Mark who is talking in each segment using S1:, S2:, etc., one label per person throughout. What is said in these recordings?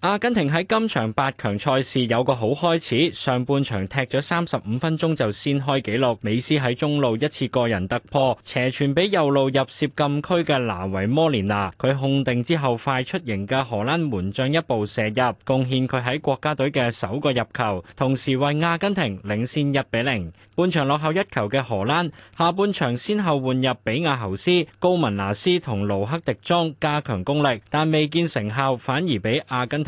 S1: 阿根廷喺今場八強賽事有個好開始，上半場踢咗三十五分鐘就先開紀錄。美斯喺中路一次個人突破，斜傳俾右路入楔禁區嘅拿維摩連拿，佢控定之後快出迎嘅荷蘭門將一步射入，貢獻佢喺國家隊嘅首個入球，同時為阿根廷領先一比零。半場落後一球嘅荷蘭，下半場先後換入比亞侯斯、高文拿斯同盧克迪莊加強攻力，但未見成效，反而俾阿根廷。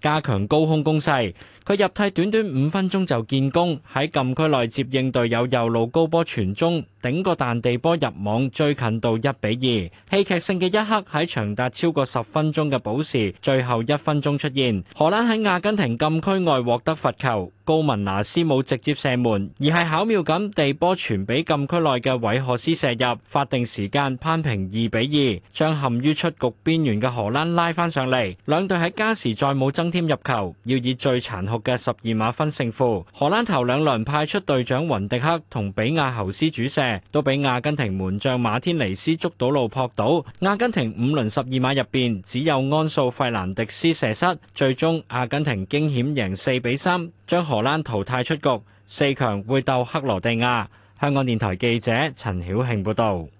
S1: 加強高空攻勢，佢入替短短五分鐘就建功，喺禁區內接應隊友右路高波傳中。頂個彈地波入網，追近到一比二，戲劇性嘅一刻喺長達超過十分鐘嘅補時最後一分鐘出現。荷蘭喺阿根廷禁區外獲得罰球，高文拿斯冇直接射門，而係巧妙咁地地波傳俾禁區內嘅韋賀斯射入，法定時間攀平二比二，將陷於出局邊緣嘅荷蘭拉翻上嚟。兩隊喺加時再冇增添入球，要以最殘酷嘅十二碼分勝負。荷蘭頭兩輪派出隊長雲迪克同比亞侯斯主射。都俾阿根廷門將馬天尼斯捉到路撲到，阿根廷五輪十二碼入邊只有安素費蘭迪斯射失，最終阿根廷驚險贏四比三，將荷蘭淘汰出局，四強會鬥克羅地亞。香港電台記者陳曉慶報道。